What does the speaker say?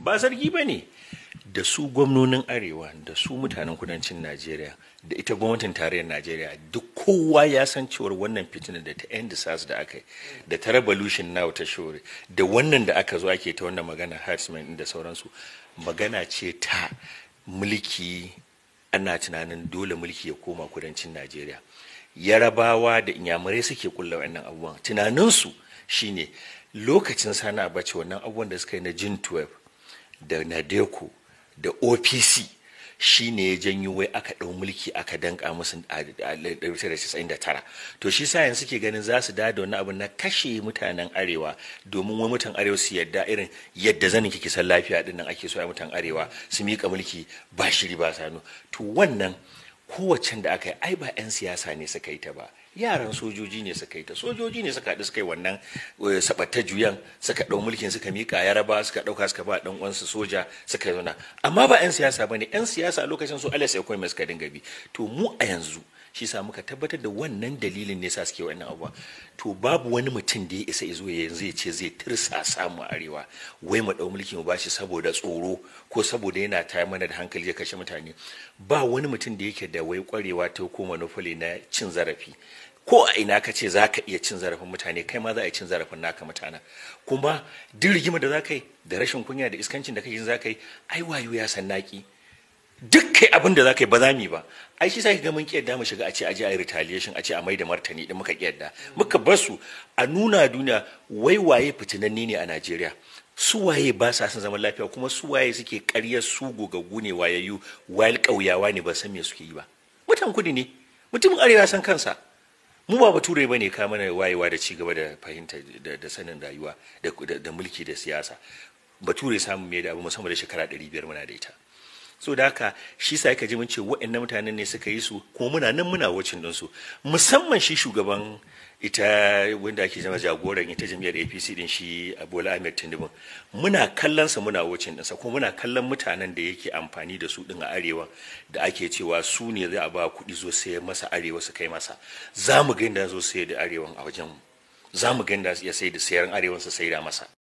ba zargi ba ne da su gwamnonin arewa da su mutanen kudancin najeriya da ita gwamnatin tarayyar najeriya duk kowa ya san cewar wannan fitina da ta yan disas da aka yi da ta revolution now ta shore da wannan da aka zo ake ta wannan magana herdsmen da sauransu magana ce ta mulki ana tunanin dole mulki ya koma kudancin najeriya yarabawa da inyamurai suke kulla wannan abubuwan tunaninsu shine lokacin sana bace wannan abubuwan da suka yi na jin 12 da Nadeko da opc shi ne ya janyo wai aka ɗau mulki aka danka musu a 1999 to shi sa yanzu ke ganin za su dada wani abu na kashe mutanen arewa domin wai mutan arewa su yadda irin yadda zanin kike san lafiya din nan ake so a mutan arewa su miƙa mulki ba shiri ba sanu to wannan kowacen da aka yi ai ba 'yan siyasa ne suka yi ta ba yaran sojoji ne suka yi ta sojoji ne suka haɗu suka wannan eh, sabatta juyan suka ɗau mulkin suka miƙa yaraba suka ɗauka suka ba ɗan uwansu soja suka zauna amma ba 'yan siyasa ba ne 'yan siyasa lokacin su alas ya suka dinga bi to mu a yanzu shi sa muka tabbatar da wannan dalilin ne sa suke wannan abuwa to babu wani mutum da ya isa izo yanzu ya ce zai tirsa samu arewa wai mu dau mulki mu bashi saboda tsoro ko saboda yana ta mana da hankali ya kashe mutane ba wani mutum da yake da wai kwarewa ta ko fule na cin zarafi ko a ina ka ce za ka iya cin zarafin mutane kai ma za a yi cin zarafin naka mutanen kuma duk rigima da za ka yi da rashin kunya da iskancin da kake za ka yi ai wayo ya san naki duk kai abin da za ka yi ba za mu yi ba ai shi sai ga mun kiyarda mu shiga a ce a je a yi retaliation a ce a maida martani din muka kiyarda muka bar su a nuna duniya wai waye fitinanni ne a Najeriya su waye ba sa son zaman lafiya kuma su waye suke ƙaryar su gogaggu ne wayayyu wayal ƙauyawa ne ba san me suke yi ba mutan kudi ne mutumin arewa san kansa mu ba bature ba ne ka mana wayewa da ci gaba da fahimta da sanin rayuwa da mulki da siyasa bature samu me da abu musamman da shekara 500 muna da ita so da haka shi sa yake ji mun ce wa'annan mutanen ne suka yi su ko muna nan muna wacin din su musamman shi shugaban ita wanda ake zama jagoran ita jami'ar APC din shi Bola Ahmed Tinubu muna kallon sa muna wucin din sa kuma muna kallon mutanen da yake amfani da su din a arewa da ake cewa su ne za a ba kuɗi zo sai masa arewa su kai masa za mu ga inda zo sai da arewan a wajen za mu ga inda ya sai da sayar arewan su sai da masa